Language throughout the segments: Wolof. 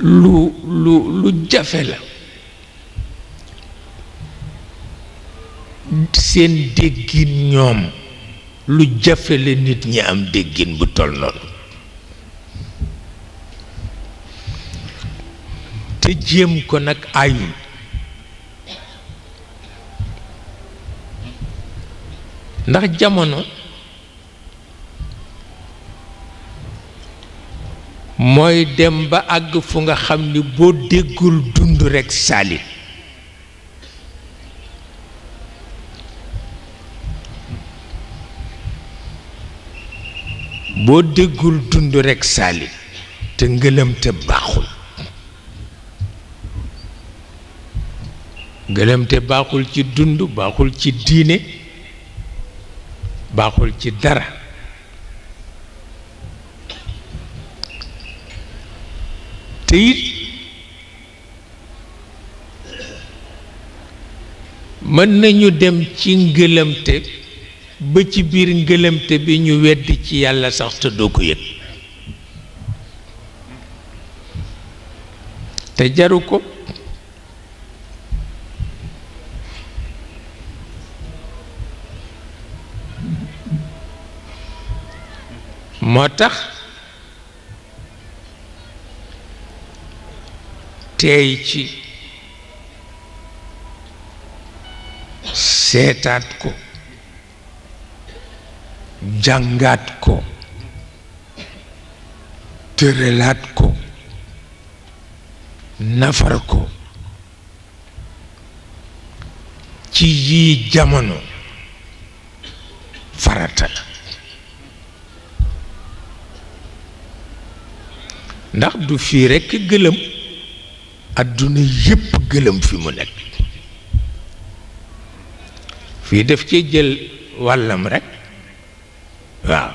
lu lu lu jafe la seen déggin ñoom lu jafe la nit ñi am déggin bu tol noonu te jéem ko nag ayul ndax jamano mooy dem ba àgg fu nga xam ni boo déggul dund rekk saali te ngëlëm baaxul ngëlëm baaxul ci dund baaxul ci diine baaxul ci dara te mën nañu dem ci ngëlëmte ba ci biir ngëlëmte bi ñu wedd ci yàlla sax te doo ko yëg te jaru ko moo tax teey ci seetaat ko jàngaat ko tëralaat ko nafar ko ci yii jamono farata ndax du fii rekk gëlëm adduna yépp gëlëm fi mu nekk fii def ci jël wàllam rekk waaw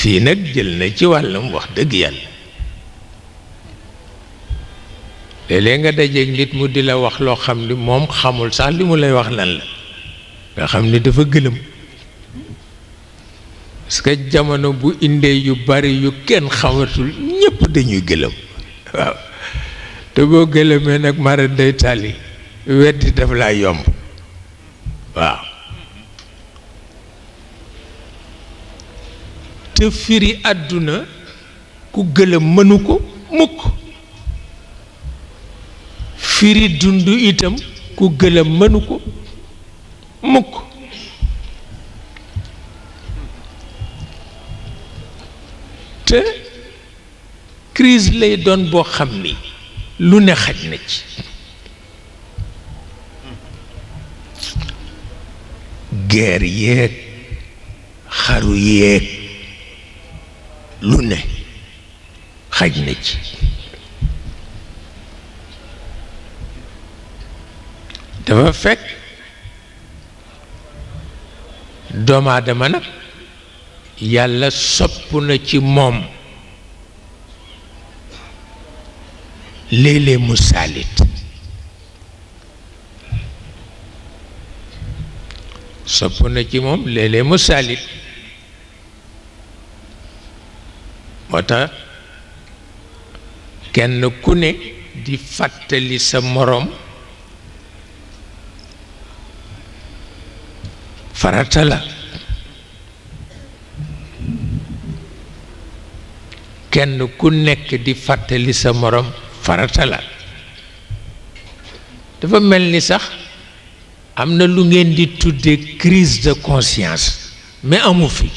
fii nag jël na ci wàllam wax dëgg yàlla léeg nga dajeeg nit mu di la wax loo xam ni moom xamul sax li mu lay wax lan la nga xam ni dafa gëlëm parce que jamono bu indee yu bari yu kenn xamatul ñépp dañuy gëlëm waaw te boo gëlëmee nag mara day tàlli weddi daf laa yomb waaw te firi àdduna ku gëlëm mënu ko mukk firi dund itam ku gëlëm mënu ko mukk te crise lay doon boo xam ni lu ne xaj na ci guerre yéeg xaru yéeg lu ne xaj na ci dafa fekk doomu aadama nag yàlla sopp na ci moom léeg-léeg mu saalit sopp na ci moom léeg-léeg mu saalit moo tax kenn ku ne di fàttali sa moroom farata la kenn ku nekk di fàttali sa morom farata dafa mel ni sax am na lu ngeen di tudde crise de conscience mais amu fi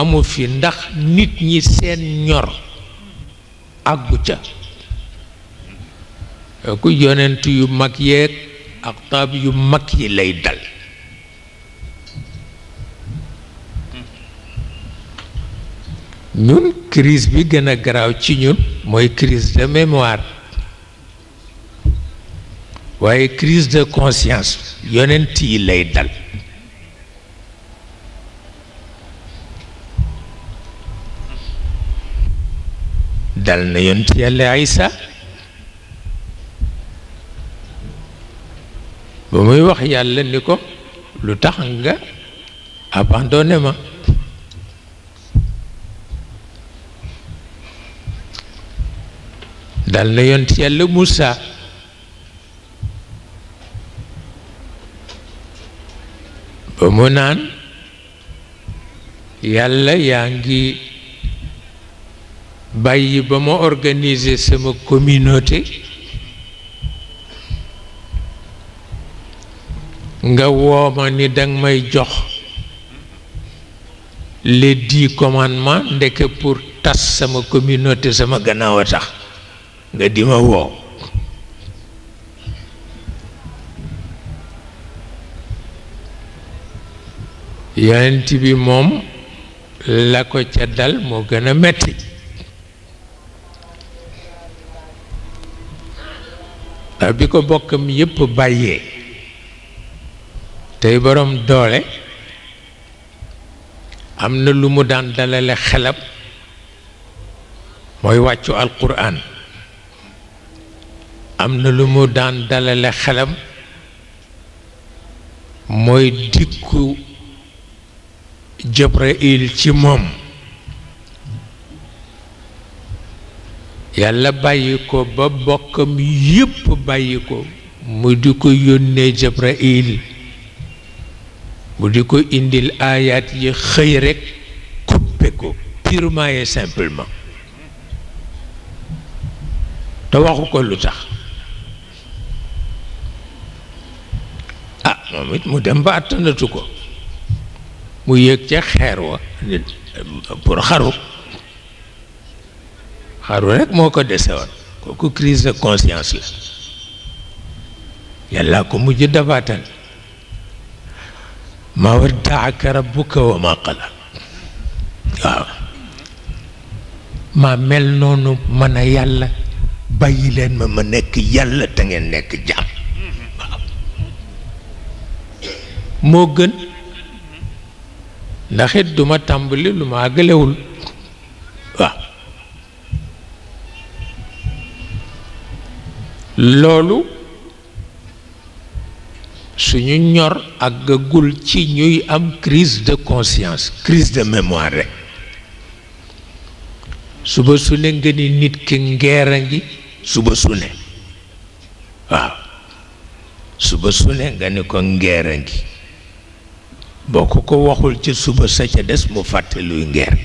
amu fi ndax nit ñi seen ñor àggu ca ku yonent yu mag yeeg ak taab yu mag yi lay dal une crise bi gën a ci ñun crise de mémoire waaye crise de conscience yonent yi lay dal dal na yonent yàlla Nous ba muy wax yàlla ni ko nga abandonné ma dal na yont yàlla Moussa ba mu naan yàlla yaa ngi bàyyi ba ma organiser sama communauté nga wooma ni danga may jox les di commandements ndeke pour tas sama communauté sama gannaaw a tax nga di ma woo yonent bi moom la ko ca dal moo gën a metti bi ko bokkam yépp bàyyee tey boroom doole am na lu mu daan dalale xelam mooy wàccu alquran amna lu mu daan dalale xelam moy dikku Jibril ci mom yàlla bayiko ba bokkam yep bayiko mu diko yonne Jibril mu diko indil ayat yi xëy rek coupé ko purement et simplement da waxuko lutax moom it mu dem ba àttanatu ko mu yéeg ca xeer wa pour xaru xaru rek moo ko dese woon kooku crise de conscience yàlla ko mujj dabaatal ma waddaaka rabbuka wa ma qala waaw maa mel noonu mën a yàlla bàyyi leen ma ma nekk yàlla te ngeen nekk jàmm mo gën ndax it duma tàmbali lu ma àggalewul waaw loolu suñu ñor gagul ci ñuy am crise de conscience crise de mémoire rek suba su ne nit ki ngeer ngi suba su ne waaw suba su ne ko ngi boo ko ko waxul ci suba sa ca des mu fàtte luy ngeer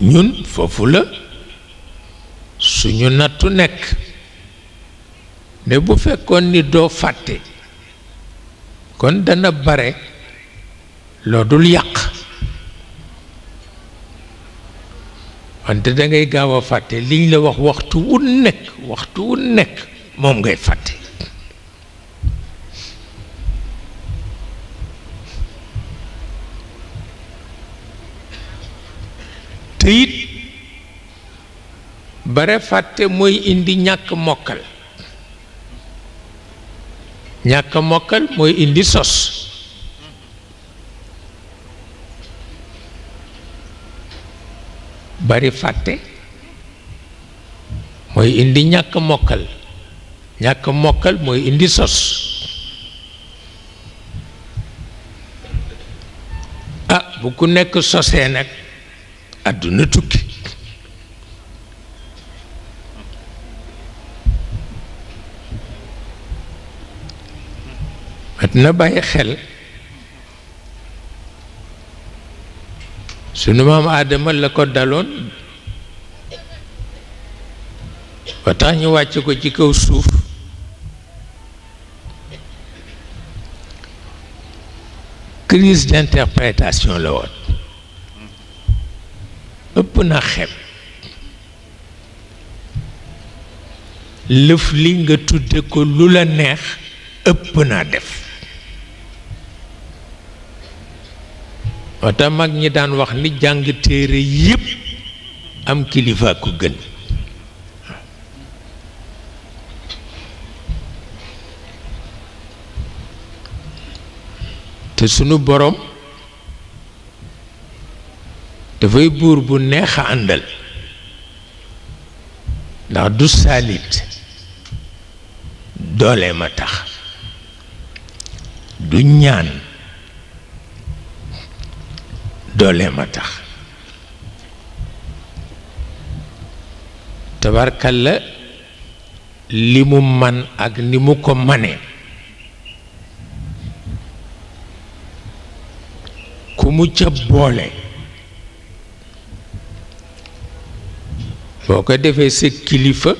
ñun foofu la suñu nattu nekk ne bu fekkoon ni doo fàtte kon dana bare loo dul yàq wante da ngay gaaw a fàtte liñ la wax waxtu wu nekk waxtu wu nekk moom ngay fàtte te bare fàtte mooy indi ñàkk mokal, ñàkk mokal mooy indi sos bari fàtte mooy indi ñàkk mokkal ñàkk mokkal mooy indi sos ah bu ku nekk sosee nag àdduna tukki mat na bàyyi xel sunu maam aadama la ko daloon ba tax ñu wàcc ko ci kaw suuf crise d'interprétation la woon ëpp na xeb lëf li nga tudde ko lu la neex ëpp naa def oto mag ñi daan wax ni jàng téere yépp am kilifa ku gën te sunu borom dafay buur bu neexa a àndal ndax du saalit doole ma tax du ñaan doole ma tax tabarkalla li mu man ak ni mu ko manee ku mu ca boole boo ko defee sa kilifa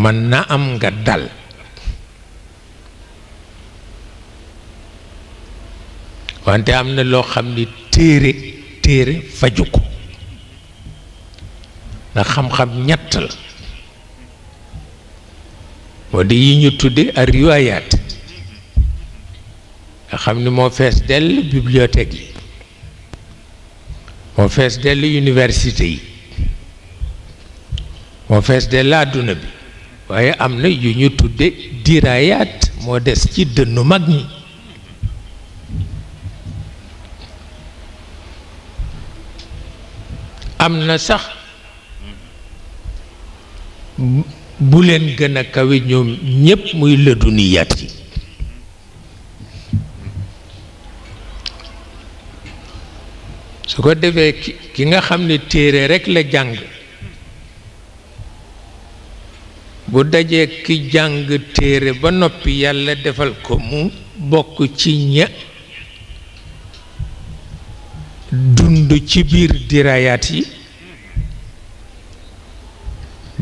mën na am nga dal wante am na loo xam ni téere téere faju ko ndax xam-xam ñett la moo di yi ñu tudde ak nga xam ni moo fees dell bibliothèque yi moo fees dell université yi moo fees dell àdduna bi waaye am na yu ñu tudde diraayaat moo des ci dënnu mag ñi am na sax bu leen gën a kawe ñoom ñépp muy lëddu ni yat yi su ko defee ki nga xam ne téere rekk la jàng bu dajee ki jàng téere ba noppi yàlla defal ko mu bokk ci ña dund ci bir dirayat yi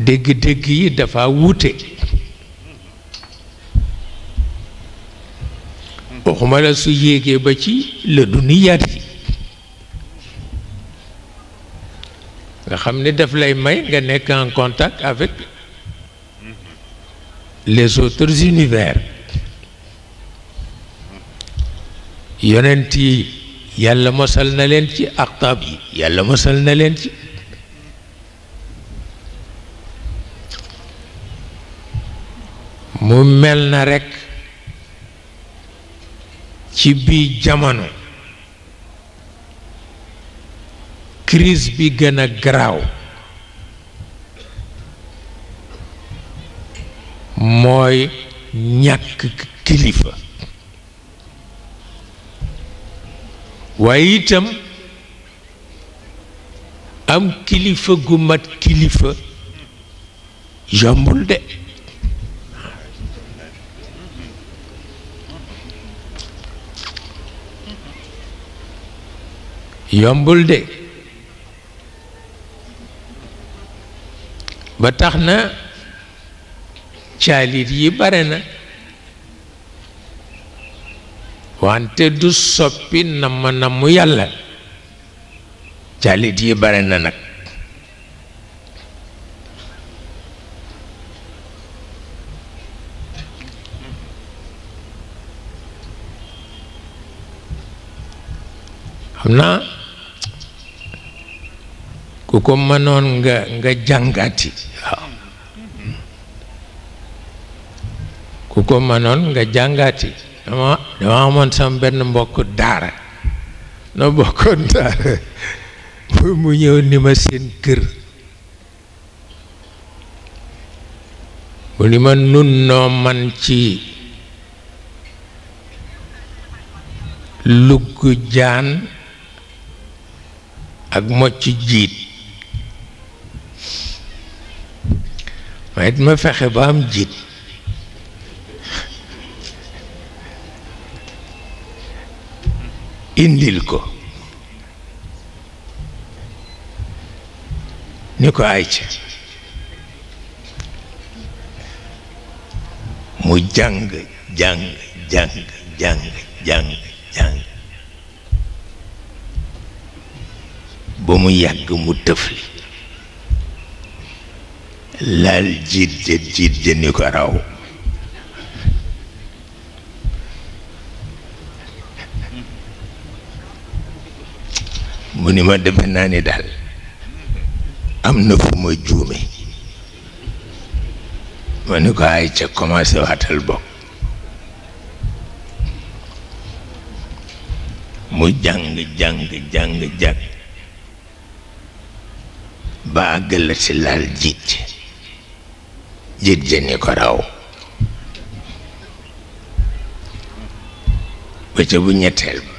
dégg-dégg yi dafa wuute waxuma la su yéegee ba ci la duniyaat yi nga xam ne daf lay may nga nekk en contact avec les autres univers yonent yi yàlla mosal na leen ci aktab yi yàlla mosal na leen ci mu mel na rekk ci biir jamono crise bi gën a garaaw mooy ñàkk kilifa waaye itam am kilifa gu mat kilifa yombul de yombul de ba tax na caalit yi bare na wante du soppi namm namm yàlla caalit yi bare na nag xam naa ku ko mënoon nga nga jàngati waaw ku ko mënoon nga jàngati dama dama amoon sama benn mbokk daara na bokkoon daara bu ñëw ni ma seen kër mu ni ma nun noo man ci lugg jaan ak mocc jiit ma it ma fexe ba am jiit indil ko ni ko ayca mu jàng jàng jàng jàng jàng jàng ba mu yàgg mu tëfli laal jiit ja jiit ja ni ko raw mu ni ma defe naa ni daal am na fu ma juume ma ni ko ay ca commencé waatal bokk mu jàng jàng jàng jàng ba àggala si laal jiit jiit ja ni ko raw ba ca bu ñetteel ba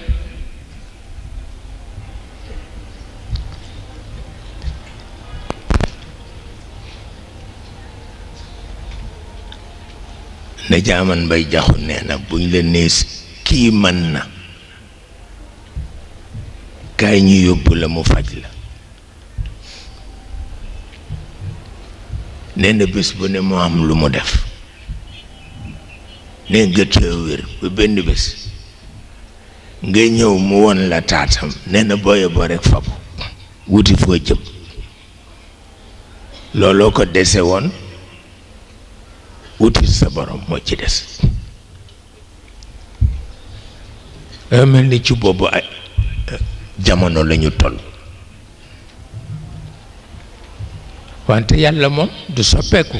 ne jaaman bay jaxu nee na buñ la nees kii mën na kaay ñu yóbbu la mu faj la nee bés bu ne mu am lu mu def ne gëtee wér ba benn bés nga ñëw mu won la taatam nee na booye boo rekk fabu wuti foo jëm looloo ko dese woon wutil sa borom moo ci des mel ni ci boobu ay jamono lañu toll wante yàlla moom du soppeeku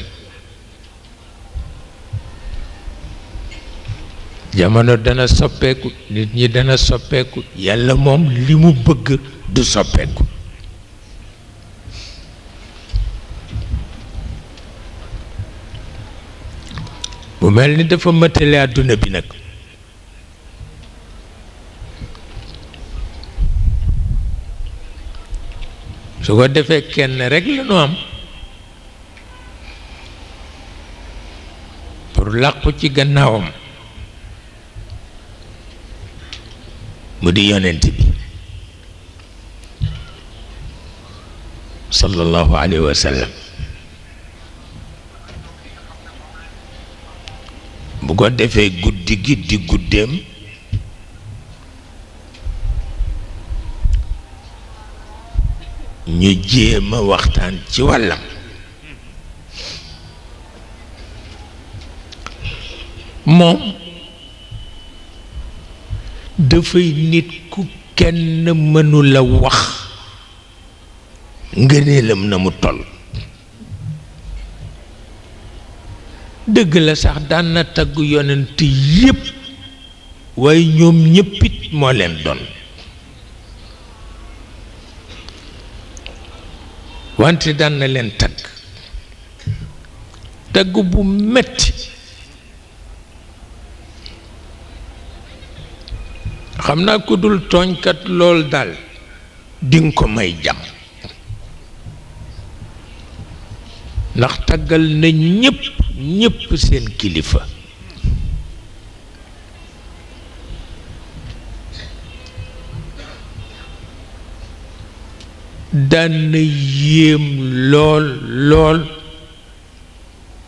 jamono dana soppeeku nit ñi dana soppeeku yàlla moom li mu bëgg du soppeeku mu mel ni dafa mëtale àdduna bi nag su ko defee kenn rek la nu am pour làqu ci gannaawam mu di yonent bi sallallahu alaihi wasallam bu ko defee guddi gi di guddeem ñu jéem waxtaan ci wàllam moom dafay nit ku kenn mënula wax ngëneelam na mu toll dëgg la sax daan na tagg yonent yépp waaye ñoom ñéppit moo leen doon wante daan na leen tagg tagg bu metti xam naa ko dul tooñkat lool daal dinga ko may jàmm ndax taggal na ñépp ñépp seen kilifa daan na yéem lool lool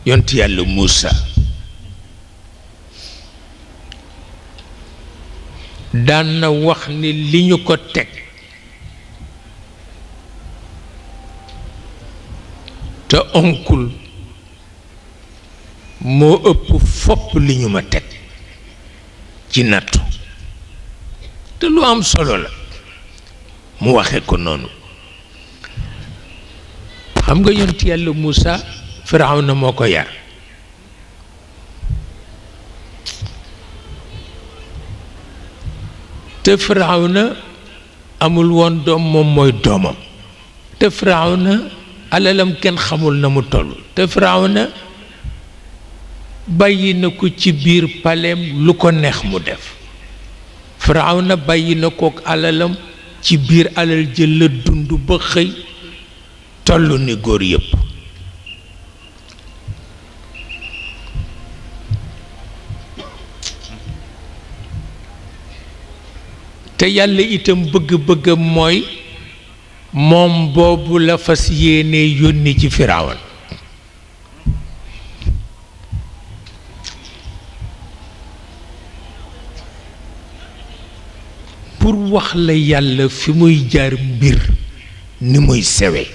yont yàlla Muusa daan na wax ni li ñu ko teg te onkul moo ëpp fopp li ñu ma teg ci nattu te lu am solo la mu waxe ko noonu xam nga yont yàlla Moussa na moo ko yar te na amul woon doom moom mooy doomam te na alalam kenn xamul na mu toll te Firawna bàyyi na ko ci biir paleem lu ko neex mu def Firawna bàyyi na kook alalam ci biir alal jël la dund ba xëy toll ni góor yépp te yàlla itam bëgg-bëggam mooy fas yéene yónni ci Firawna pour wax la yàlla fi muy jaar mbir ni muy sewee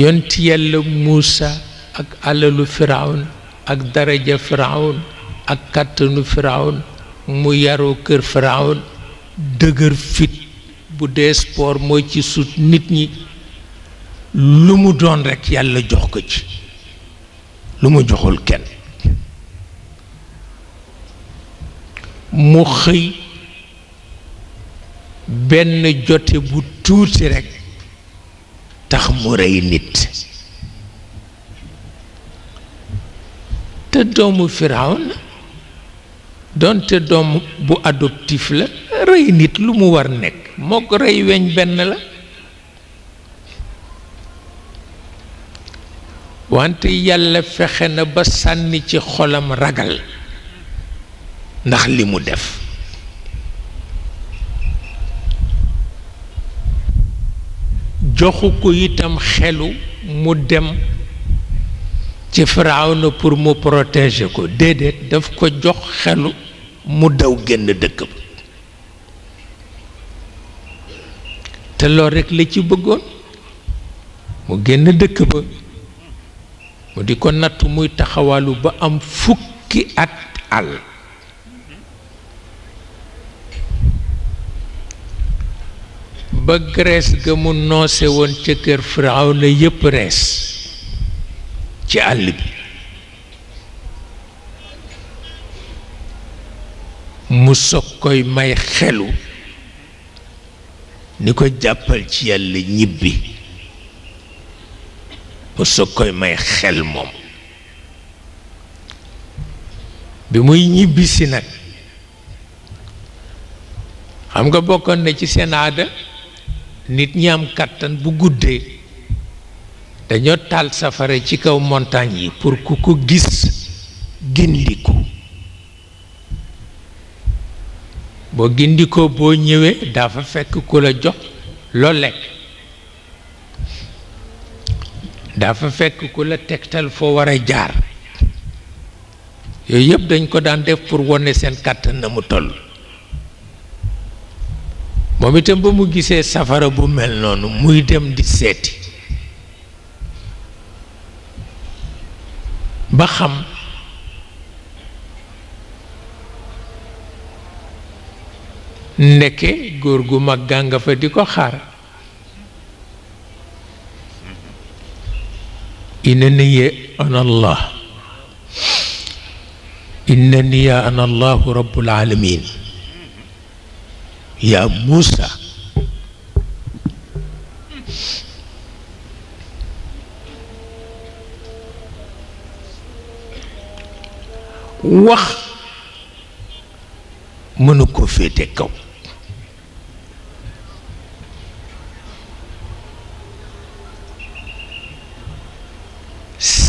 yont yàlla Muusa ak alalu firawn ak daraja firawn ak kàttanu firawn mu yaru kër firawn dëgër fit bu deespoor mooy ci sut nit ñi lu mu doon rekk yàlla jox ko ci lu mu joxul kenn mu xëy benn jote bu tuuti rekk tax mu rey nit te doomu Firawna doonte doom bu adoptif la rey nit lu mu war nekk moo ko rey weñ benn la wante yàlla fexe na ba sànni ci xolam ragal ndax li mu def joxu ko itam xelu mu dem ci na pour mu protéger ko déedéet daf ko jox xelu mu daw génn dëkk ba te loolu rekk la ci bëggoon mu génn dëkk ba mu di ko natt muy taxawalu ba am fukki at àll ba Grèce ga mu noose woon ca kër Firaaw na yépp rees ci àll bi mu soog koy may xelu ni ko jàppal ci yàlla ñibbi parce que koy may xel moom bi muy ñibbisi nag xam nga bokkoon na ci seen aada nit ñi am kàttan bu guddee dañoo taal safara ci kaw montagne yi pour ku ko gis gindiku boo gindikoo boo ñëwee dafa fekk ku la jox loo lekk dafa fekk ku la tegtal foo war a jaar yooyu yëpp dañ ko daan def pour wone seen kàttan na mu toll moom itam ba mu gisee safara bu mel noonu muy dem di seeti ba xam ndeke góor gu mag gàngafa di ko xaar إنني أنا الله إنني أنا الله رب العالمين يا موسى وخ منكو في تكو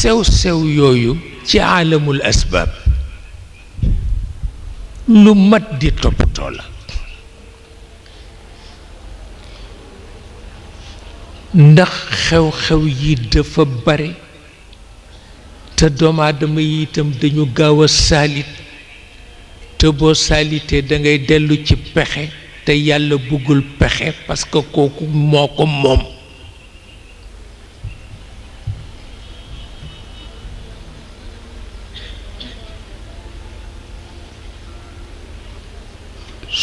sew-sew yooyu ci aalamul asbaab lu mat di toppatoo la ndax xew-xew yi dafa bare te doomu aadama yi itam dañu gaaw a saalit te saalitee da ngay dellu ci pexe te yàlla bëggul pexe parce que kooku moo ko moom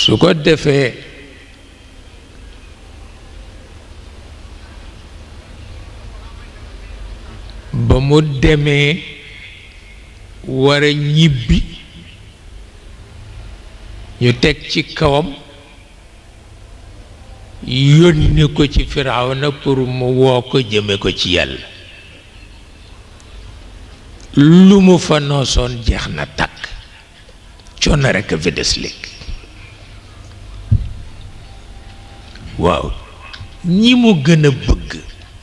su ko defee ba mu demee war a ñibbi ñu teg ci kawam yónni ko ci na pour mu woo ko jëme ko ci yàlla lu mu fa noosoon jeex na takk coono rekk fi des léegi waaw ñi mu gën a bëgg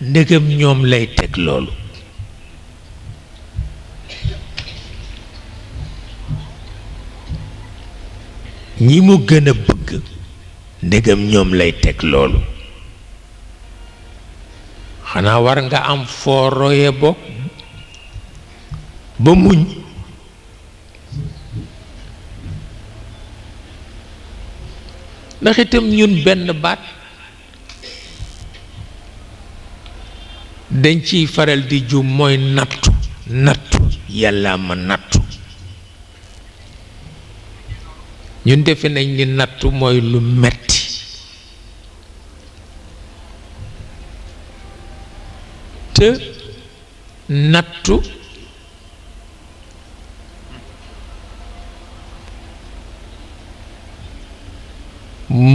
ndegam ñoom lay teg loolu mu gën a bëgg ndegam ñoom lay teg loolu xanaa war nga am fooroye bokk ba muñ ndax ñun benn baat dañ ciy faral di jum mooy nattu nattu yàlla ma nattu ñu defe nañ ni nattu mooy lu metti te nattu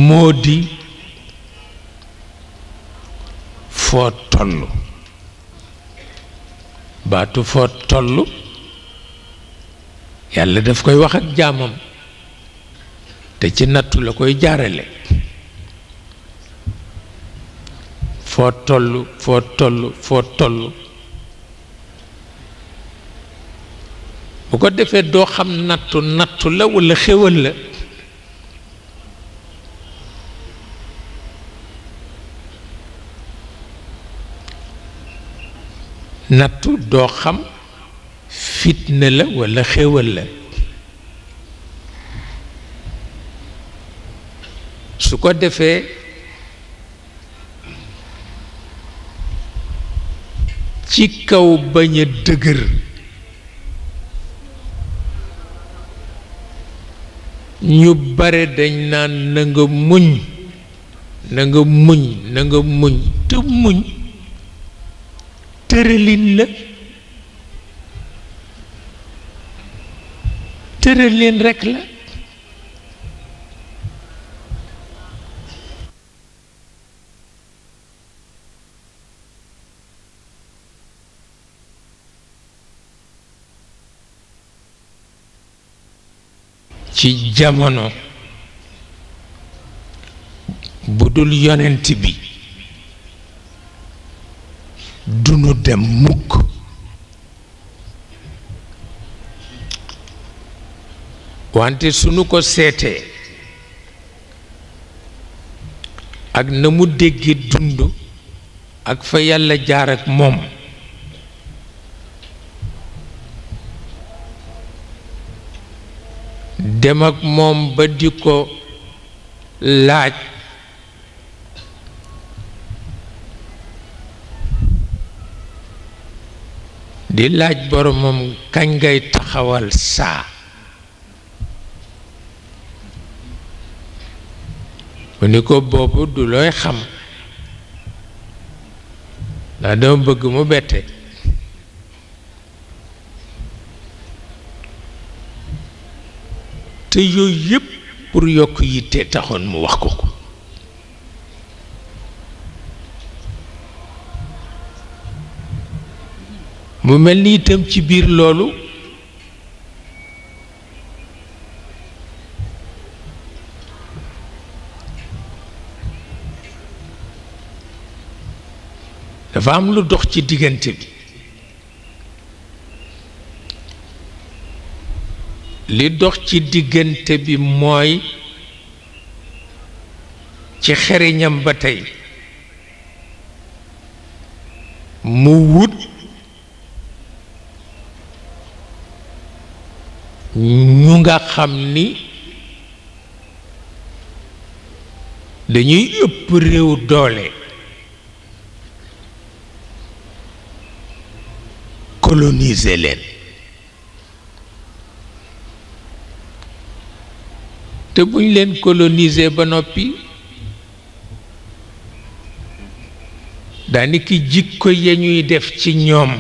moo di foo tollu baatu foo toll yàlla daf koy wax ak jaamam te ci nattu la koy jaarale foo toll foo toll foo toll bu ko defee doo xam nattu nattu la walla xéwal la nattu doo xam fitna la walla xéwal la su ko defee ci kaw bañ a dëgër ñu bare dañ naan na nga muñ na nga muñ na nga muñ te muñ tëralin la tëralin rekk la ci jamono bu yonent bi dem mukk wante sunu ko seetee ak na mu déggee dund ak fa yàlla jaar ak moom dem ak moom ba di ko laaj di laaj boromam kañ ngay taxawal saa mu ni ko boobu du looy xam ndax dama bëgg mu bette te yooyu yépp pour yokk yitte taxoon mu wax ko ko mu mel ni itam ci biir loolu dafa am lu dox ci diggante bi li dox ci diggante bi mooy ci xeriñam ba tey mu wut ñu nga xam ni dañuy ëpp réew doole coloniser leen te buñ leen coloniser ba noppi daani jikko ya ñuy def ci ñoom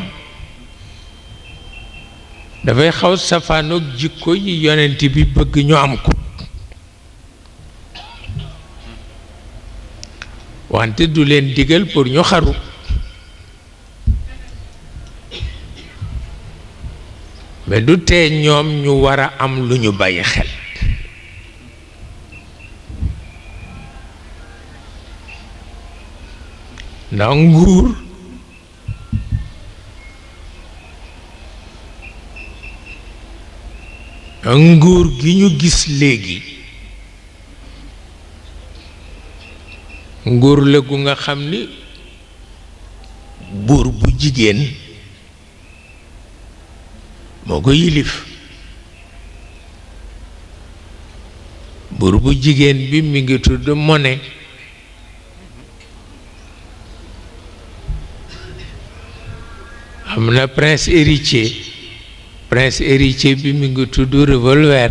dafay xaw safaanoog jikko yi yonent bi bëgg ñu am ko wante du leen digal pour ñu xaru mais du tee ñoom ñu war a am lu ñu bàyyi xel ndax nguur nguur gi ñu gis léegi nguur la gu nga xam ni buur bu jigéen moo ko yilif buur bu jigéen bi mi ngi tudd mone am na prince héritier prince héritier bi mi ngi tudd revolver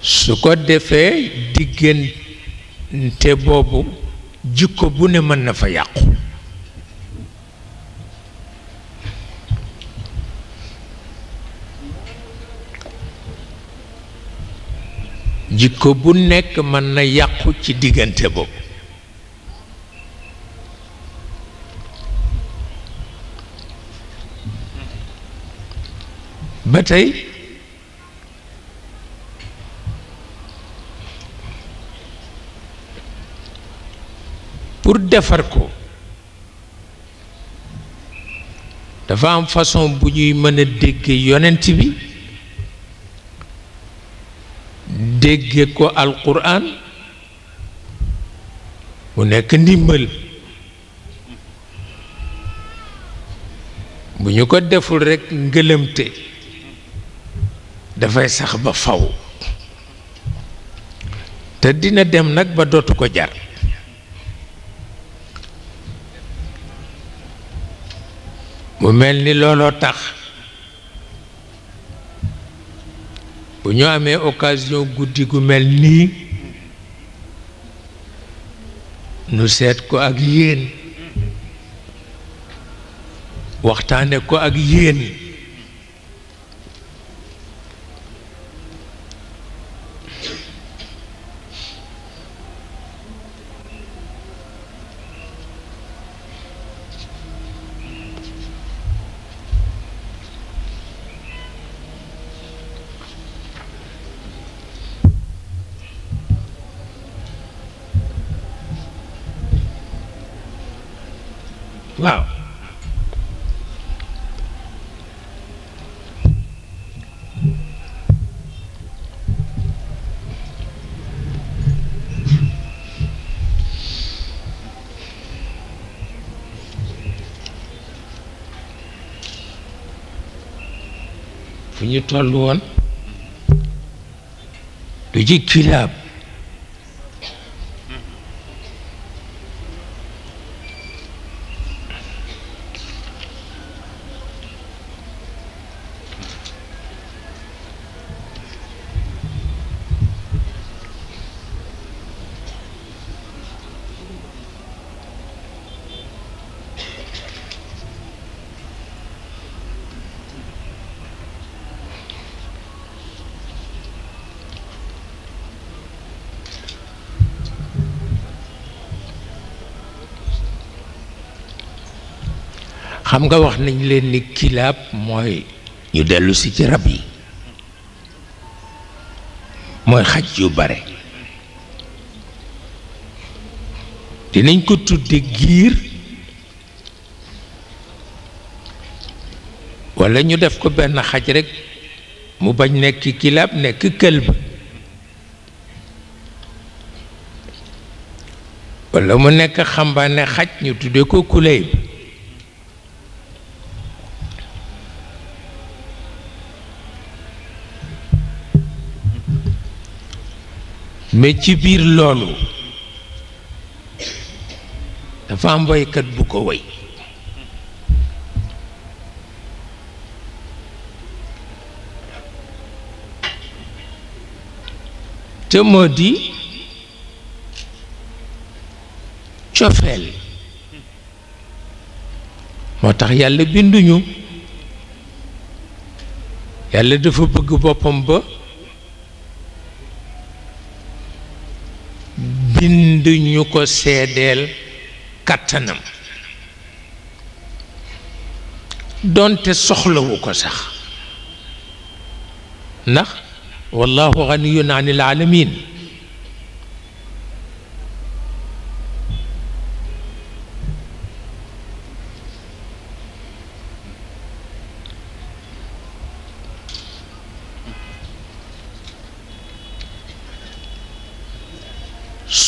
su ko defee diggante boobu jikko bu ne mën na fa yàqu jikko bu nekk mën na yàqu ci diggante boobu ba tey pour defar ko dafa am façon bu ñuy mëna a dégge yonent bi dégge ko alquran mu nekk ndimbal bu ñu ko deful rekk ngëlëmte dafay sax ba faw te dina dem nag ba dootu ko jar mu mel ni looloo tax bu ñu amee occasion guddi gu mel nii nu seet ko ak yéen waxtaane ko ak yéen fu ñu toll woon du ci kilaab xam nga wax nañ leen ni kilaab mooy ñu dellusi ci rab yi mooy xaj yu bare dinañ ko tudde giir walla ñu def ko benn xaj rekk mu bañ nekk kilaab nekk këlb walla mu nekk xambaane xaj ñu tudde ko kuleyb mais ci biir loolu dafa am bu ko woy te moo di cofeel moo tax yàlla binduñu yàlla dafa bëgg boppam ba ñu ko seedeel kàttanam donte soxlawu ko sax ndax wallahu ganiyun anil alamin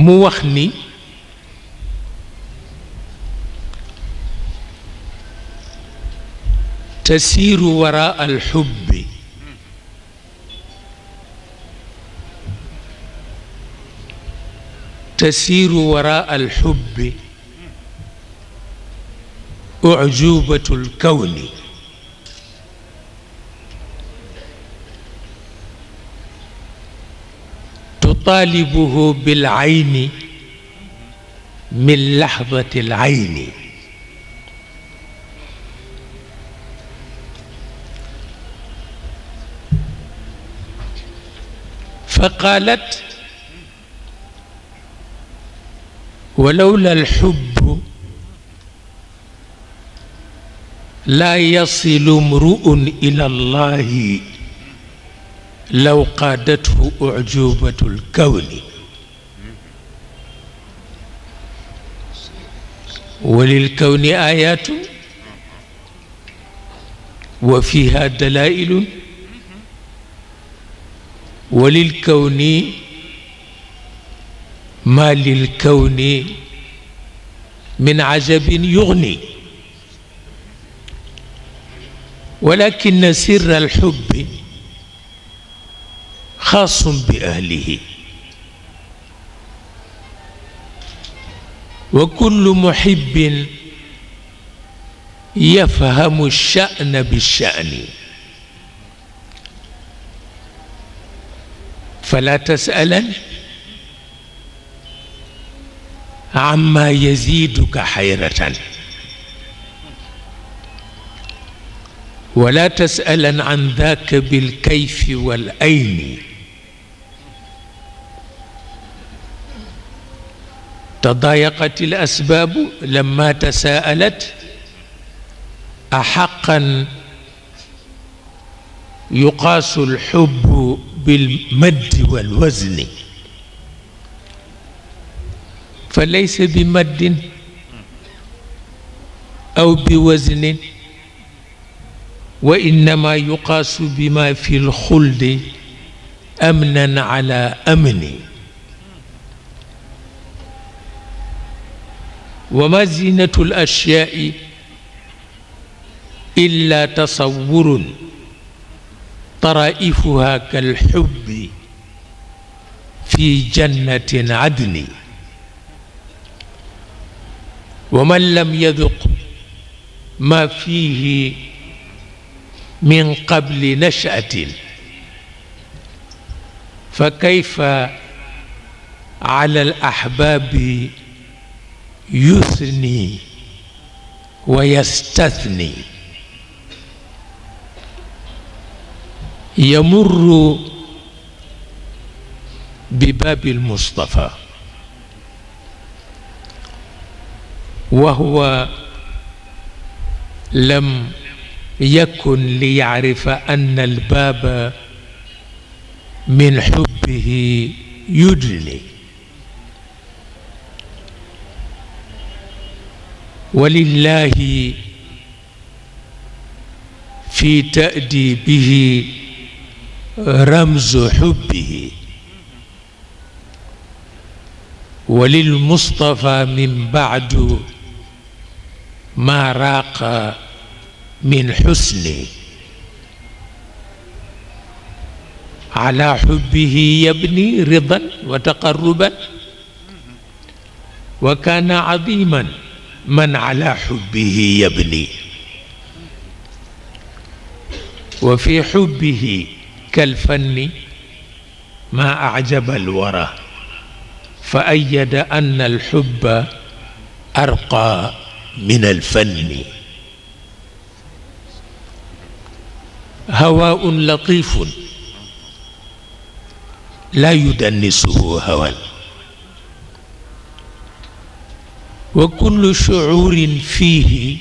mu wax ni تسير وراء الحب تسير وراء الحب أعجوبة الكون يطالبه بالعين من لحظة العين فقالت ولولا الحب لا يصل امرؤ إلى الله لو قادته أعجوبة الكون وللكون آيات وفيها دلائل وللكون ما للكون من عجب يغني ولكن سر الحب خاص بأهله وكل محب يفهم الشأن بالشأن فلا تسألن عما يزيدك حيرة ولا تسألن عن ذاك بالكيف والأين تضايقت الأسباب لما تساءلت أحقا يقاس الحب بالمد والوزن فليس بمد أو بوزن وإنما يقاس بما في الخلد أمنا على أمن وما زينة الأشياء إلا تصور طرائفها كالحب في جنة عدن ومن لم يذق ما فيه من قبل نشأة فكيف على الأحباب يثني ويستثني يمر بباب المصطفى وهو لم يكن ليعرف أن الباب من حبه يجلي ولله في تأديبه رمز حبه وللمصطفى من بعد ما راق من حسن على حبه يبني رضا وتقربا وكان عظيما من على حبه يبني وفي حبه كالفن ما أعجب الورى فأيد أن الحب أرقى من الفن هواء لطيف لا يدنسه هوى وكل شعور فيه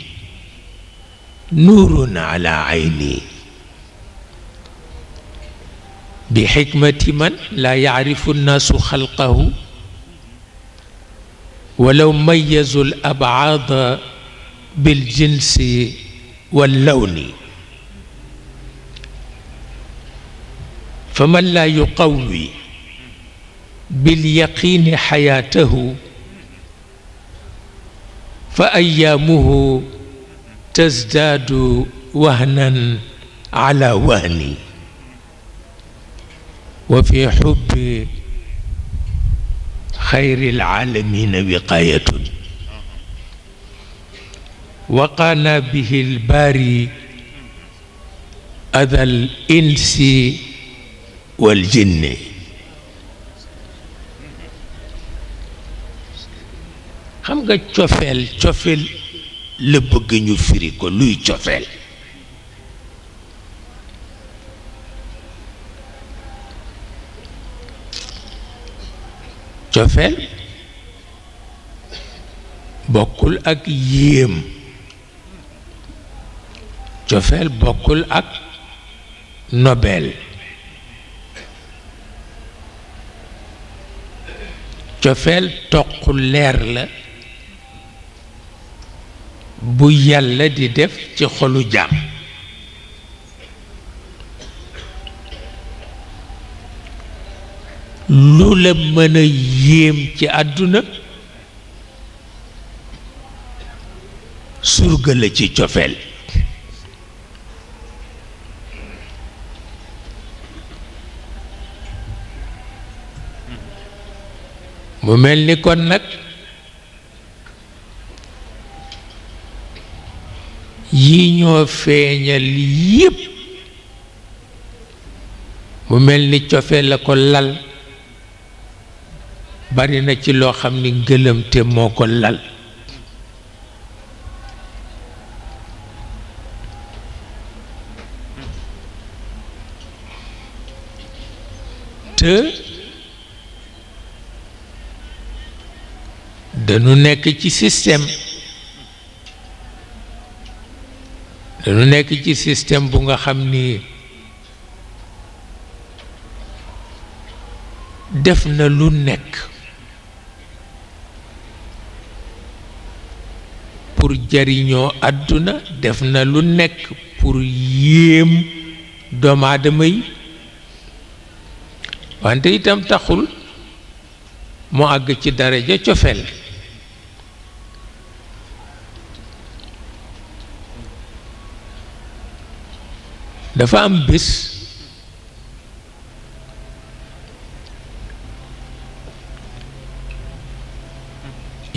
نور على عيني بحكمة من لا يعرف الناس خلقه ولو ميزوا الأبعاد بالجنس واللون فمن لا يقوي باليقين حياته فأيامه تزداد وهنا على وهن وفي حب خير العالمين وقاية وقانا به الباري أذى الإنس والجن nga cofeel cofeel la bëgg ñu firi ko luy cofeel cofeel bokkul ak yéem cofeel bokkul ak nobel cofeel toq leer la bu yàlla di def ci xolu jaam lu la mën a yéem ci àdduna surga la ci cofeel mu mel ni kon nag yi ñoo feeñal yépp mu mel ni cofe la ko lal bari na ci loo xam ni ngëlëmte moo ko lal te dañu nekk ci système dañu nekk ci système bu nga xam ni def na lu nekk pour jariñoo àdduna def na lu nekk pour yéem doomu yi wante itam taxul mu àgg ci daraja cofeel dafa am bés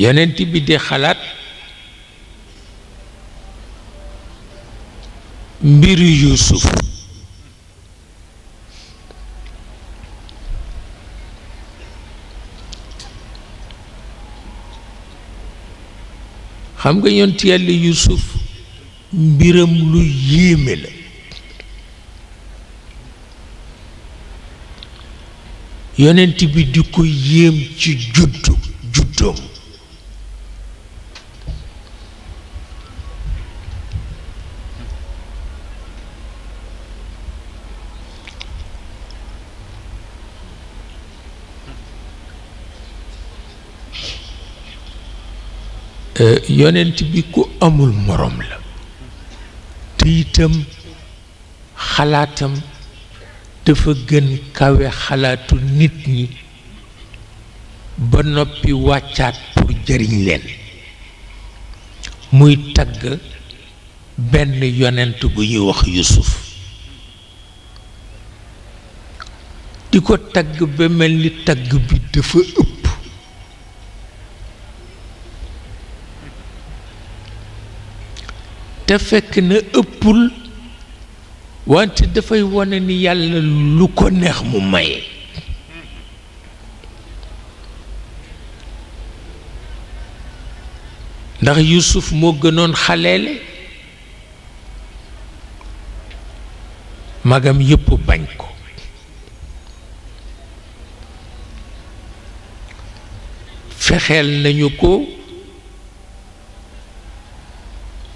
yonent bi di xalaat mbiru Yuusuf xam nga yonent yàlla Yuusuf mbiram lu yéeme la yonent bi di ko yéem ci juddu juddoom euh, yonent bi ku amul moroom la te xalaatam dafa gën kawe xalaatu nit ñi ba noppi wàccaat pour jëriñ leen muy tagg benn yonent bu ñuy wax Yusuf di ko tagg ba mel ni tagg bi dafa ëpp te fekk na ëppul wante dafay wone ni yàlla lu ko neex mu maye ndax Yuusuf moo gënoon xaleele magam yépp bañ ko fexeel nañu ko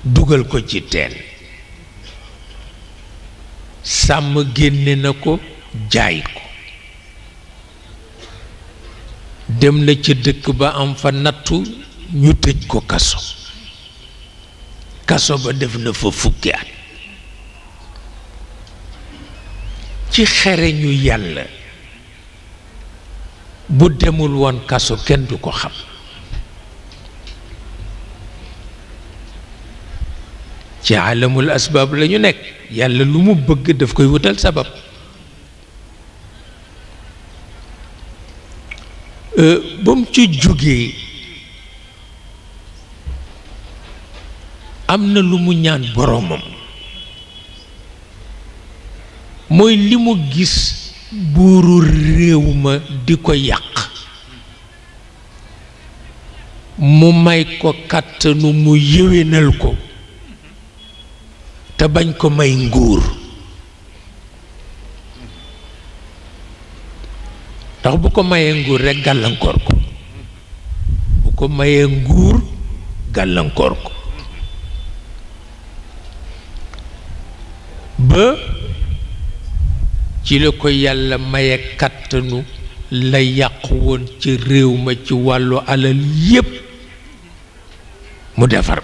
dugal ko ci teen sàmm génne na ko jaay ko dem na ca dëkk ba am fa nattu ñu tëj ko kaso kaso ba def na fa fukki at ci xere ñu yàlla bu demul woon kaso kenn du ko xam ci alamul asbaab lañu nekk yàlla lu mu bëgg daf koy wutal sabab euh, ba mu ci jógee am na lu mu ñaan boromam mooy li mu gis buuru réew ma di ko yàq mu may ko kàttanu mu yéwénal ko te bañ ko may nguur ndax bu ko mayee nguur rekk ko bu ko gàllankoor ko ba ci la ko yàlla maye kàttanu la yàqu woon ci réew ma ci wàllu alal yépp mu defar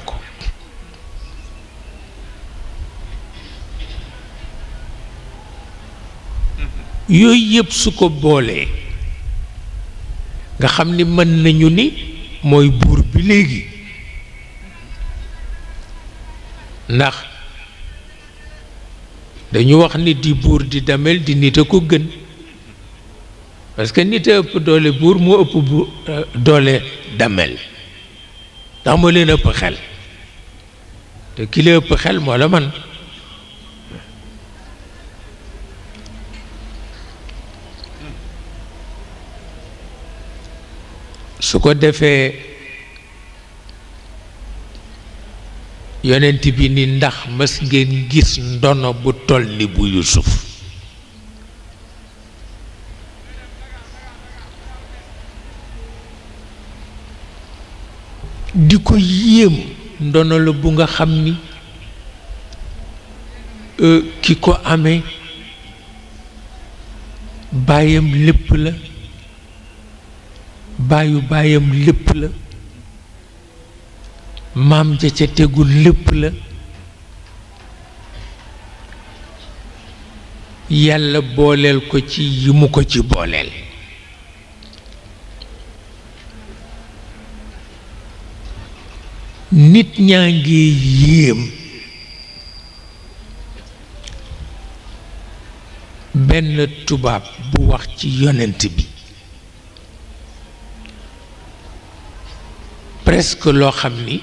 yooyu yëpp su ko boolee nga xam ni mën nañu ni mooy buur bi léegi ndax dañu wax ni di buur di damel di nit a ko gën parce que nit a ëpp doole buur moo ëpp bu euh, doole damel ndax moo leen ëpp xel te ki ëpp xel moo la man su ko defee yonent bi ni ndax mës ngeen gis ndono bu toll ni bu Yuusuf di ko yéem ndono la bu nga xam ni euh, ki ko amee bàyyam lépp la baayu baayam lépp la maam ja ca tegul lépp la yàlla booleel ko ci yi mu ko ci booleel nit ñaa ngi yéem benn tubaab bu wax ci yonent bi presque lo xamni ni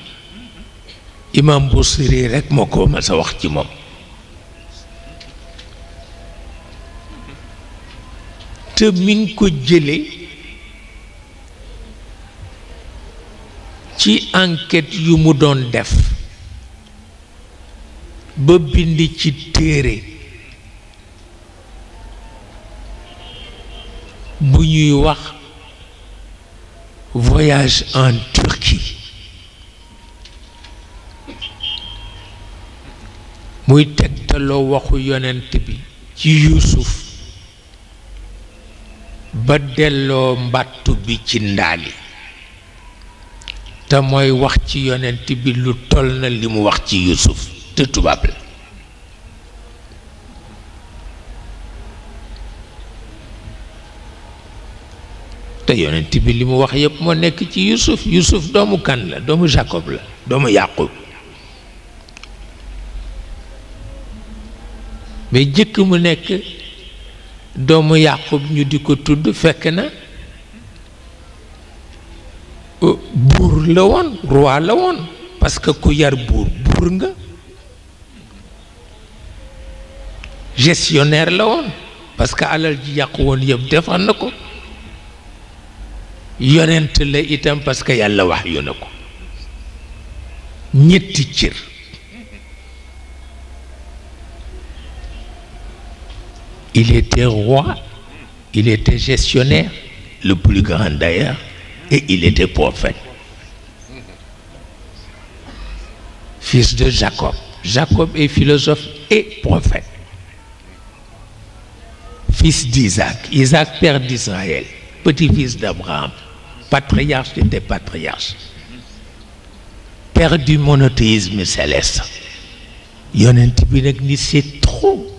imam avec rek moo ma wax ci te min ko enquête yu mu def ba ci bu voyage en muy tegtaloo waxu yonent bi ci yuusuf ba delloo mbàttu bi ci ndaali te mooy wax ci yonent bi lu toll na li mu wax ci yuusuf te tubaab la te yonent bi li mu wax yépp moo nekk ci yuusuf yuusuf doomu kan la doomu jacob la doomu yàqub mais jëkk mu nekk doomu yàqu ñu di ko tudd fekk na buur la woon roi la woon parce que ku yar buur buur nga gestionnaire la woon parce que alal ji yàqu woon yëpp defar na ko yonent la itam parce que yàlla wax yu na ko ñetti cër Il était roi, il était gestionnaire, le plus grand d'ailleurs, et il était prophète. Fils de Jacob. Jacob est philosophe et prophète. Fils d'Isaac. Isaac, père d'Israël. Petit-fils d'Abraham. Patriarche des patriarches. Père du monothéisme céleste. Il a un ni c'est trop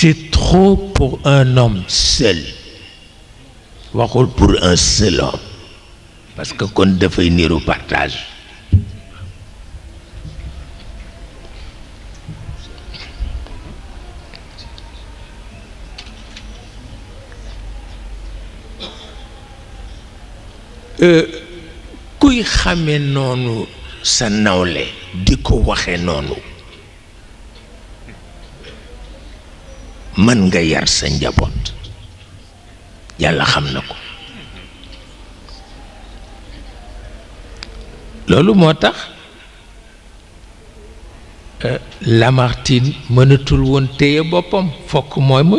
c'est trop pour un homme seul pour un seul homme parce que doit venir au partage euh, kuy xamee noonu sa nawle di ko mën nga yar sa njaboot yàlla xam na ko loolu moo tax euh, Lamartine mënatul woon téye boppam fokk mooy mu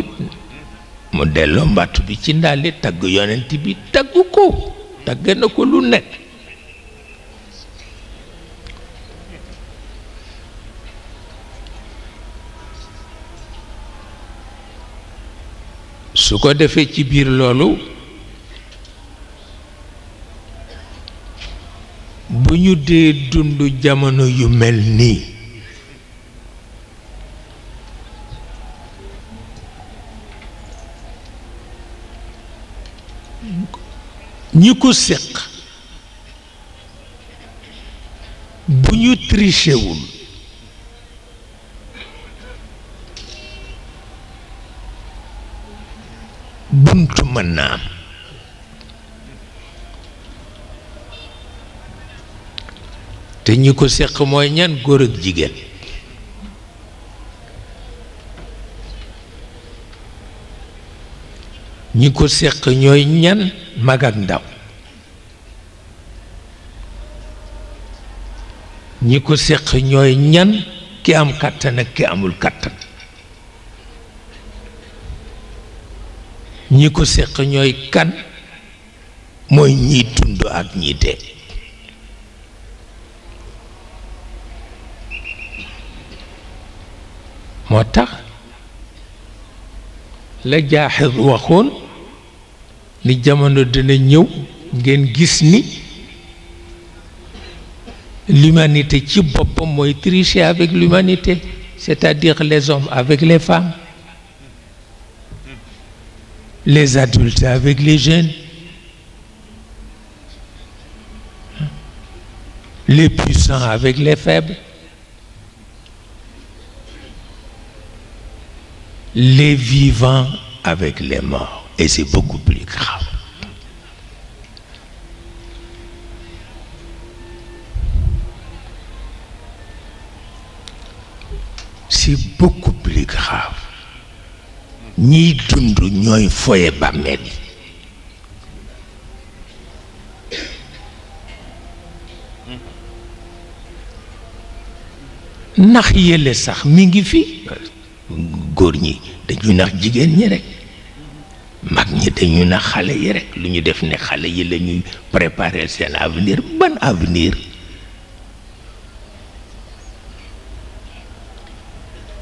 mu delloo mbàttu bi ci ndaale tagg yonent bi tagg ko tagg na ko lu nekk su ko defee ci biir loolu bu ñu dee dund jamono yu mel nii ñi ko séq bu ñu trichewul te ñi ko seq mooy ñan góor ak jigéen ñi ko seq ñooy ñan mag ak ndaw ñi ko seq ñooy ñan ki am kàttan ak ki amul kàttan ñi ko séq ñooy kan mooy ñiy dund ak ñi dee moo tax la jaaxir waxoon ni jamono dina ñëw ngeen gis ni l'humanité ci boppam mooy tricher avec l'humanité c'est-à-dire les hommes avec les femmes les adultes avec les jeunes, les puissants avec les faibles, les vivants avec les morts. Et c'est beaucoup plus grave. C'est beaucoup plus grave. ñiy dund ñooy foye bàmmeel yi nax yële sax mi ngi fi góor ñi dañuy nax jigéen ñi rekk mag ñi dañu nax xale yi rek lu ñu def ne xale yi lañuy ñuy seen avenir ban avenir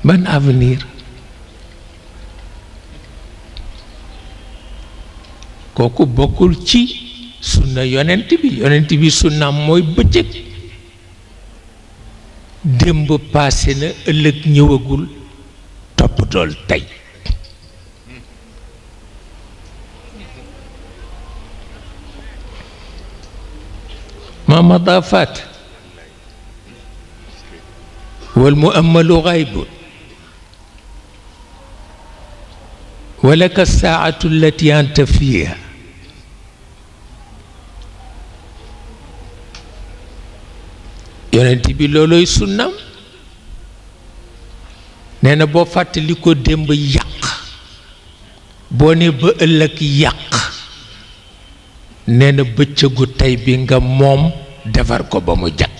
ban avenir koku bokul ci sunna yonent bi yonent bi sunna moy bëccëg démb passé na ëllëg ñëwagul top dol tay ما مضى فات والمؤمل غيب ولك الساعة التي أنت فيها yonent bi loolooy sunnam nee na boo fàttali ko démb yàq boo ne ba ëllëg yàq nee na bëccëgu tey bi nga moom defar ko ba mu jag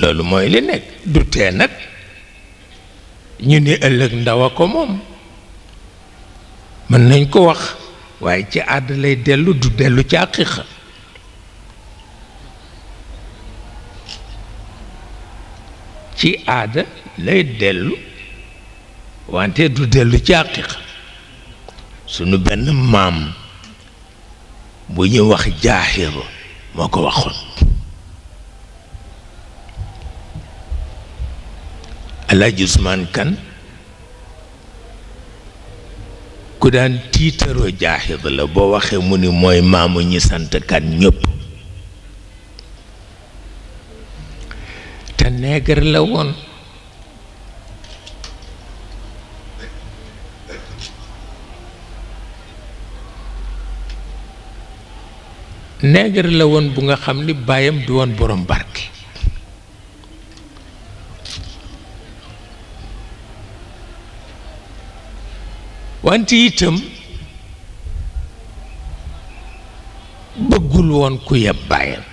loolu mooy li nekk du nag ñu ni ëllëg ndaw a ko moom mën nañ ko wax waaye ci aada lay dellu du dellu ci àqiqa ci aada lay dellu wante du dellu ci àqiqa sunu benn maam bu ñu wax jaaxir moo ko waxoon Alaaji Usmaan Kan ku daan tiitaroo jaaxid la boo waxee mu ni mooy maamu ñi sant kan ñëpp te neegar la woon neegar la woon bu nga xam ni baayam du woon borom barke wante itam bëggul woon ku yeb baayam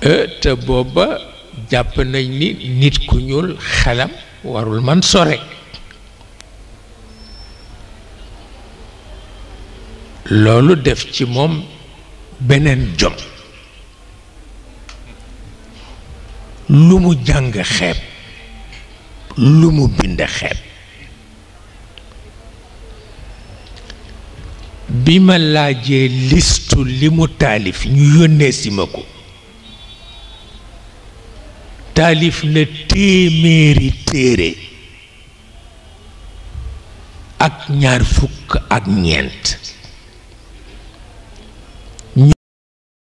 e, te booba jàpp nañ ni nit ku ñuul xelam warul man sore loolu def ci moom beneen jom lu mu jàng xeeb lu mu bind xeeb bi ma laajee listu li mu taalif ñu yónnee si ma ko taalif na téeméeri téere ak ñaar fukk ak ñeent